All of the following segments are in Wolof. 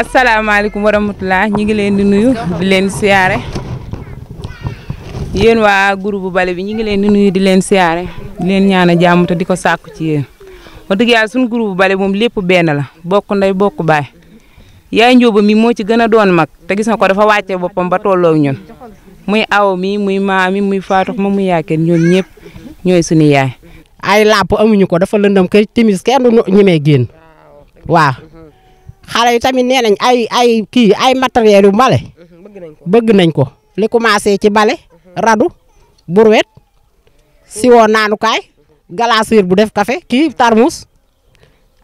asalaamaaleykum wa rahmatulah ñu ngi leen di nuyu di leen siyaare yéen waa groupe bale bi ñu ngi leen di nuyu di leen siyaare di leen ñaan a di ko sàkku ci yéen. wax dëgg yàlla suñu groupe bale moom lépp benn la bokk ndey bokk baay yaay njóoba mi moo ci gën a doon mag te gis nga ko dafa wàcce boppam ba tolloo ñun muy aw mi muy maa mi muy faatu ma muy yaakeen ñoom ñëpp ñooy suñu yaay. ay làpp amuñu ko dafa lëndam kay timis kenn du ñemee génn waaw. xale yi tamit nee nañ ay ay kii ay matériels yu bale. bëgg nañ ko bëgg nañ ko li commencé ci bale. radu burwet siwoo naanukaay galaasir bu def kafe kii tarmus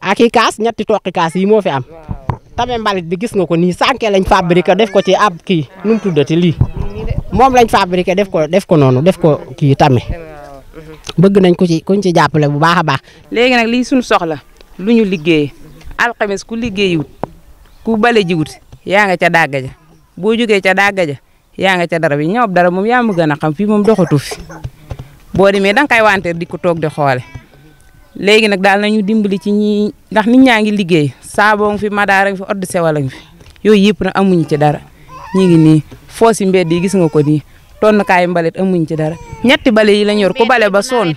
ak i kaas ñetti toqi kaas yi moo fi am. tame mbalit bi gis nga ko nii sànke lañ fabriqué def ko ci ab kii nu mu tuddati lii moom lañ fabriqué def ko def ko noonu def ko kii tame bëgg nañ ko ci kuñ ci jàppale bu baax a baax. léegi nag lii suñu soxla lu ñu liggéey. alxames ku liggéeyiwut ku bale jiwut yaa nga ca dàgga ja boo jógee ca dàgga ja yaa nga ca dara bi ñoom dara moom yaa ma gën a xam fii moom doxatu fi boo demee danga koy wanteer di ko toog di xoole léegi nag daal nañu dimbali ci ñi ndax nit ñaa ngi liggéey saaboo fi madaara fi odd sewal fi yooyu yëpp nag amuñu ci dara ñu ngi foo foosi mbedd yi gis nga ko nii tonn kaay mbalit amuñu ci dara ñetti bale yi lañ yor ku bale ba sonn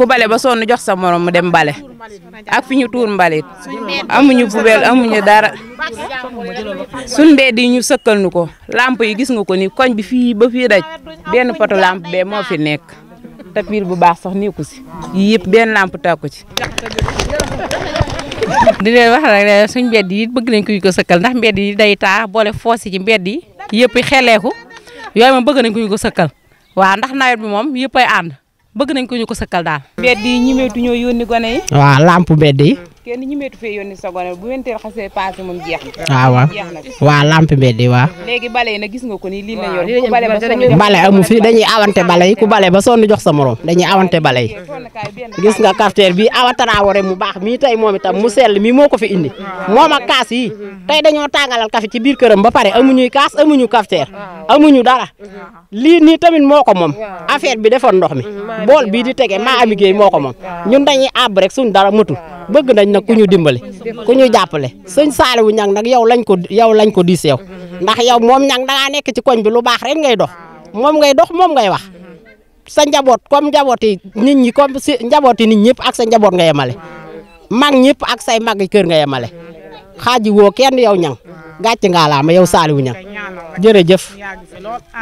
ku bale ba sonn jox sa morom mu dem bale ak fi ñu tuur mbalit amuñu poubelle amuñu dara suñ mbedd yi ñu sëkkal nu ko lamp yi gis nga ko ni koñ bi fii ba fii daj benn poto lamp bee moo fi nekk te piil bu baax sax nekku si yii yëpp benn lamp tàkku ci di leen wax rek suñ mbedd yi bëgg nañ kuñ ko sëkkal ndax yi day taa boole foos yi ci mbedd yi yëpp xeleeku yooyu moom bëgg nañ kuñ ko sëkkal waaw ndax nawet bi moom yëpp ay ànd bëgg nañ ko ñu ko sëkkal daal. mbedd yi ñemeetu ñoo yónni gone yi. waaw lamp mbedd yi. kenn ñimeetu fee yónni sa gone bu wenteel xasee passé moom jeex na. Ah, waaw léegi bale yi nag gis nga ko nii lii la yor ku amu fi dañuy awante bale yi ku bale ba sonn jox sa moroom dañuy awante bale yi gis nga cafetière bi awa taraawore mu baax mii tey moom itam mu sell mii moo ko fi indi moo ma kaas yi tey dañoo tàngalal kafe ci biir këram ba pare amuñuy kaas amuñu cafetière amuñu dara lii nii tamit moo ko moom affaire bi defoon ndox mi mm, bool bii di tege maa amigéey moo ko moom ñun dañuy àbb rek suñ dara mëtul bëgg nañ nag ku ñu dimbali ku ñu jàppale sëñ Saaliwu ñang nag yow lañ ko yow lañ ko diis yow ndax yow moom ñang dangaa nekk ci koñ bi lu baax rek ngay dox moom ngay dox moom ngay wax sa njaboot comme njabooti nit ñi comme si njabooti nit ñëpp ak sa njaboot nga yemale mag ñëpp ak say mag kër nga yemale xaaji woo kenn yow ñang gàcc ngaa laa ma yow Saaliwu ñang jërëjëf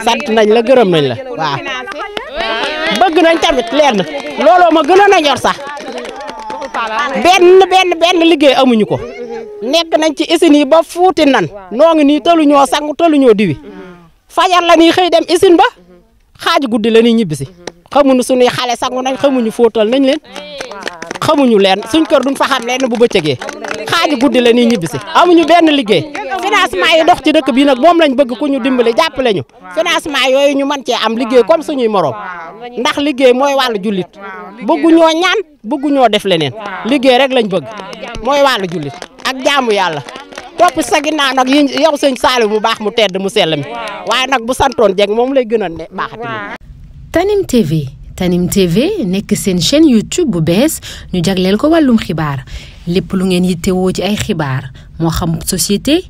sant nañ la gërëm nañ la waaw bëgg nañ tamit leer na looloo ma gënoon ñor sax benn benn benn liggéey amuñu ko nekk nañ ci usine yi ba fuuti nan noo ngi nii tëluñoo sangu tëluñoo diwi fajar la ñuy xëy dem usine ba xaaj guddi la ñuy ñibbisi xamuñu suñuy xale sangu nañ xamuñu fóotal nañ leen xamuñu leen suñ kër duñ fa xam leen bu bëccëgee xaaj guddi la ñuy ñibbisi amuñu benn liggéey financement yi dox ci dëkk bii nag moom lañ bëgg ku ñu dimbale jàppale ñu financement yooyu ñu mën cee am liggéey comme suñuy morom ndax liggéey mooy wàllu jullit bëgguñoo ñaan bëgguñoo def leneen liggéey rek lañ bëgg mooy wàllu jullit ak jaamu yàlla topp sa ginnaaw nag yi yow sëñ Saliou mu baax mu tedd mu sell mi waaye nag bu santoon jeg moom lay gën a ne baaxati Tanim TV Tanim TV nekk seen chaîne YouTube bu bees ñu jagleel ko wàllum xibaar lépp lu ngeen yittewoo ci ay xibaar moo xam société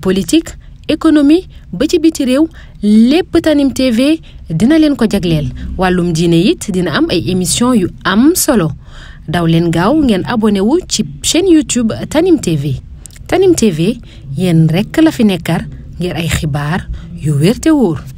politique économie ba ci biti réew lépp Tanim dina leen ko jagleel wàllum diine it dina am ay émission yu am solo daw leen gaaw ngeen abonné wu ci chaîne YouTube Tanim TV Tanim yéen rekk la fi nekkar ngir ay xibaar yu wér woor